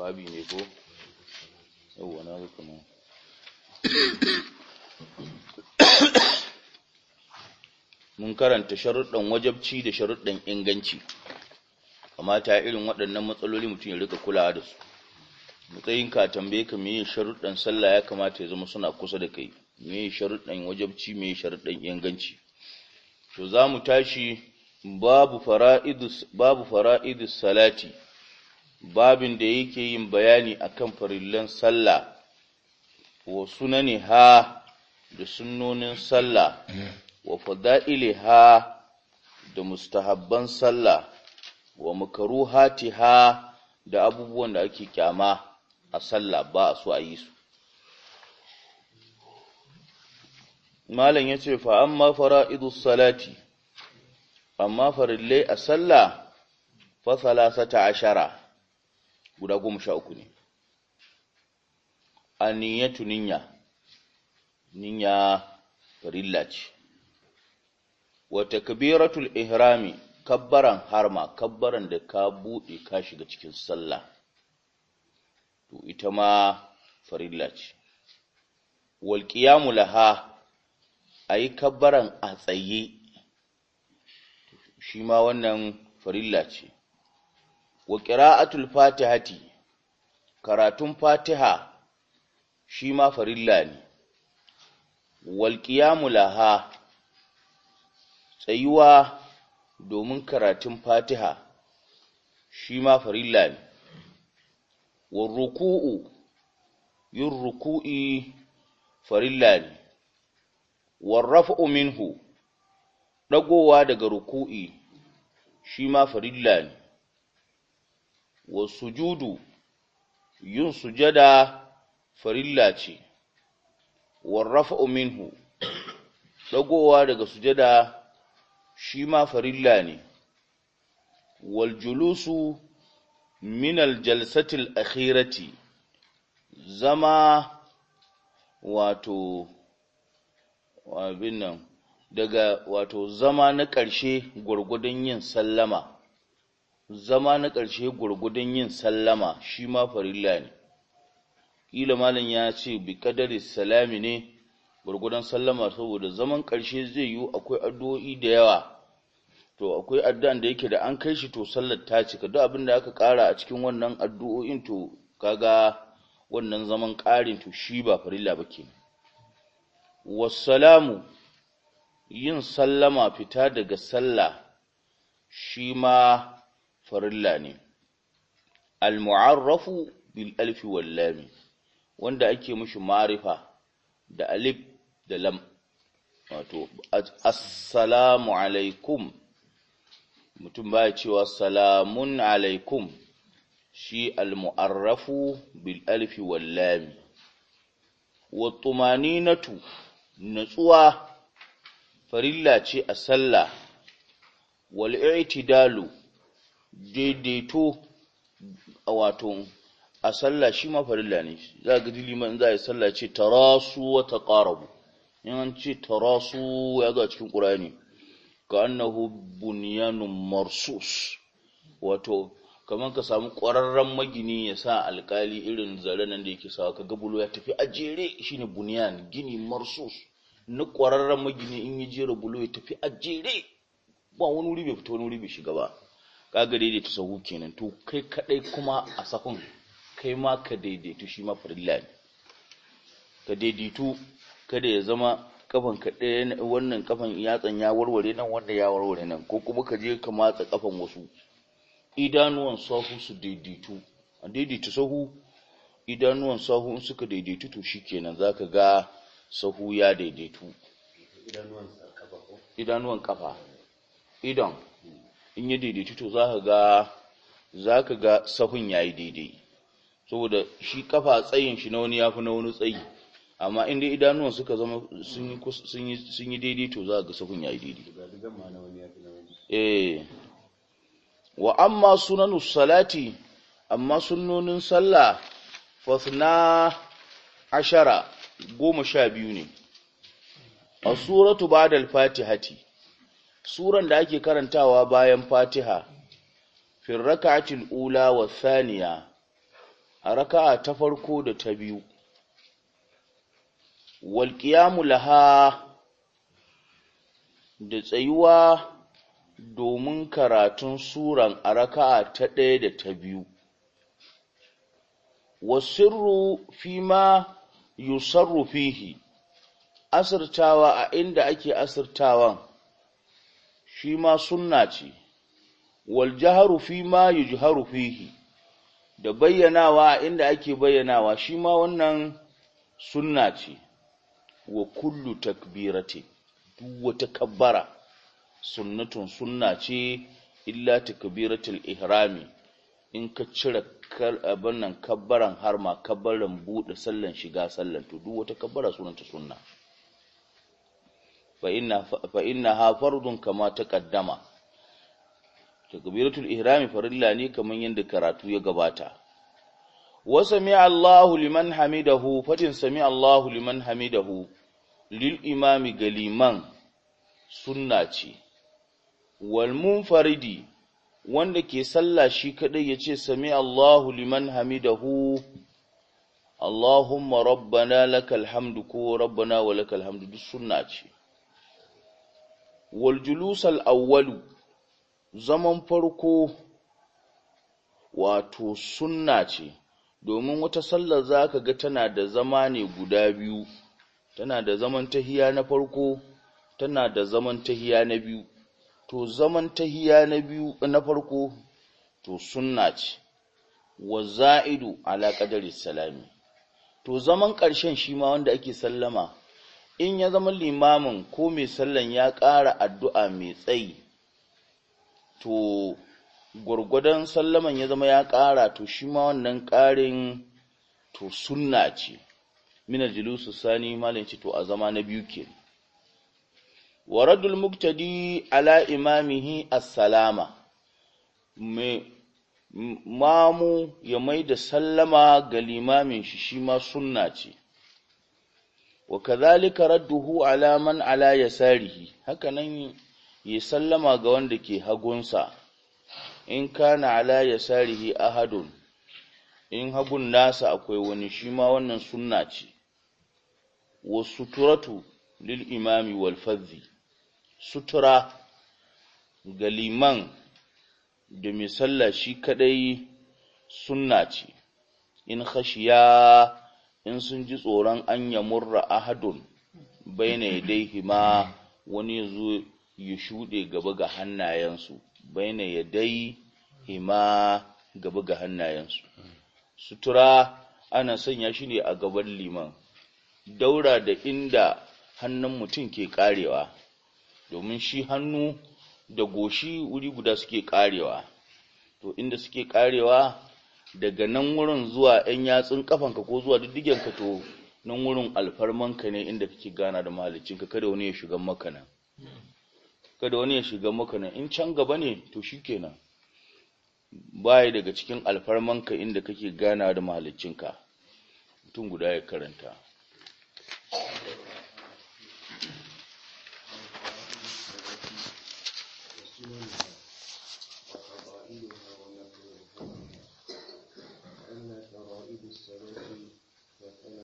babi ne ko na zuka ma mun karanta sharuɗan wajabci da sharuɗan inganci kamata irin waɗannan matsaloli mutum ya rika kulawa da su matsayin ka tambaye ka meye sharuɗan sallah ya kamata ya zama suna kusa da kai meye sharuɗan wajabci meye sharuɗan inganci to za mu tashi babu fara'idus babu fara'idus salati babin da yake yin bayani a kan farillan sallah wa sunani ha da sunnonin sallah wa fada'ili ha da mustahabban sallah wa hati ha da abubuwan da ake kyama a sallah ba a so a yi su malam ya ce fa amma fara'idus salati amma farillai a sallah fa ta ashara guda goma sha uku ne A aniyatu ninya ninya farilla ce wata kabiratul ihrami kabbaran harma kabbaran da ka buɗe ka shiga cikin sallah to ita ma farilla ce wal qiyamu laha ayi kabbaran a tsaye shi ma wannan farilla ce wa ƙira'atul fatihati karatun fatiha shi ma farilla ne wal laha tsayuwa domin karatun fatiha shi ma farilla ne wa ruku'u yin ruku'i farilla ne minhu ɗagowa daga ruku'i shi ma farilla ne wa sujudu yin sujada farilla ce wa rafa'u minhu dagowa daga sujada shi ma farilla ne waljulusu julusu min al jalsati akhirati zama wato wa binan daga wato zama na ƙarshe gwargwadon yin sallama zama na ƙarshe gurgudun yin sallama shi ma farilla ne ƙila malam ya ce bi kadari salami ne gurgudun sallama saboda zaman ƙarshe zai yiwu akwai addu'o'i da yawa to akwai addu'an da yake da an kai shi to sallar ta cika duk abin da aka ƙara a cikin wannan addu'o'in to kaga wannan zaman ƙarin to shi ba farilla ba ke wasalamu yin sallama fita daga sallah shi ma farilla ne al-mu'arrafu bil alfi wal lam wanda ake mishi ma'rifa da alif da lam wato assalamu alaikum mutum baya cewa salamun alaikum shi al-mu'arrafu bil alfi wal lam wa tumaninatu natsuwa farilla ce a sallah wal i'tidalu daidaito a wato a sallah shi ma farilla ne za ga man za a yi sallah ce tarasu wa taqarabu in an ce tarasu ya zo a cikin qur'ani ka annahu bunyanun marsus wato kamar ka samu ƙwararren magini ya sa alkali irin zare nan da yake sa ka gabulo ya tafi a jere shine bunyan gini marsus na ƙwararren magini in yi jera bulo ya tafi a jere ba wani wuri bai fito wani wuri bai shiga ba kaga daidaita sahu kenan to kai kadai kuma a sahun kai ma ka daidaitu shi ma farilla ne ka daidaitu kada ya zama kafan ka wannan kafan yatsan ya warware nan wanda ya warware nan ko kuma ka je ka matsa kafan wasu idanuwan sahu su daidaitu a daidaita sahu idanuwan sahu in suka daidaitu to shikenan zaka ga sahu ya daidaitu idanuwan kafa idan. in ya daidaitu to za ka ga za ka ga sahun ya yi daidai saboda shi kafa tsayin shi na wani ya fi na wani tsayi amma inda idanuwan suka zama sun yi daidai to za ga sahun ya yi daidai eh. wa amma sunan salati amma sunnonin sallah fasna ashara goma sha biyu ne a suratu ba da alfatihati suran da ake karantawa bayan fatiha Firraka raka'atil ula wa thaniya a raka'a ta farko da ta biyu wal qiyamu laha da tsayuwa domin karatun suran a raka'a ta ɗaya da ta biyu wasirru fima yusarru fihi asirtawa a inda ake asirtawan shi ma sunna ce wal jaharu fi ma yujharu fihi da bayyanawa inda ake bayyanawa shi ma wannan sunna ce wa kullu takbirati duk wata kabbara sunnatun sunna ce illa takbiratul ihrami in ka cire abin nan kabbaran harma kabbaran buɗe sallan shiga sallan to duk wata kabbara sunanta sunna fa inna ha fardun kama ƙaddama. takbiratul ihrami farilla ne kaman yanda karatu ya gabata wa sami'a Allahu liman hamidahu fadin sami'a Allahu liman hamidahu lil imami galiman sunna ce wal munfaridi wanda ke salla shi kadai yace sami Allahu liman hamidahu Allahumma rabbana lakal hamdu ko rabbana wa lakal hamdu duk sunna ce Waljulusal Auwalu zaman farko wato sunna ce domin wata sallar zaka ga tana da zama ne guda biyu tana da zaman tahiya na farko tana da zaman tahiya na biyu to zaman tahiya na biyu na farko to sunna ce wa za'idu ala qadari salami to zaman ƙarshen shi ma wanda ake sallama in ya zama limamin ko mai sallan ya ƙara addu'a mai tsayi to gwargwadon sallaman ya zama ya ƙara to shi ma wannan ƙarin to sunna ce mina jilusu sani malinci to a zama na biyu ke waradul muktadi ala imamihi assalama mamu ya mai da sallama ga limamin shi shi ma sunna ce wa kadhalika radduhu ala man ala yasarihi haka nan yi sallama ga wanda ke hagunsa in kana ala yasarihi ahadun in hagun nasa akwai wani shi ma wannan sunna ce wa suturatu lil imami wal fadhi sutura ga liman da mai sallah shi kadai sunna ce in khashiya in sun ji tsoron an ya murra ahadun baina dai ma wani yazo ya shuɗe gaba ga hannayensu baina dai hima gaba ga hannayensu sutura ana sanya shi ne a gaban liman daura da inda hannun mutum ke karewa domin shi hannu da goshi wuri guda suke karewa to inda suke karewa daga nan wurin zuwa ‘yan yatsun kafanka ko zuwa diddigenka to nan wurin alfarmanka ne inda kake gana da mahaliccinka kada wani ya shiga maka nan kada wani ya shiga maka nan in can gaba ne to shikenan baya daga cikin alfarmanka inda kake gana da mahaliccinka mutum guda ya karanta Thank you.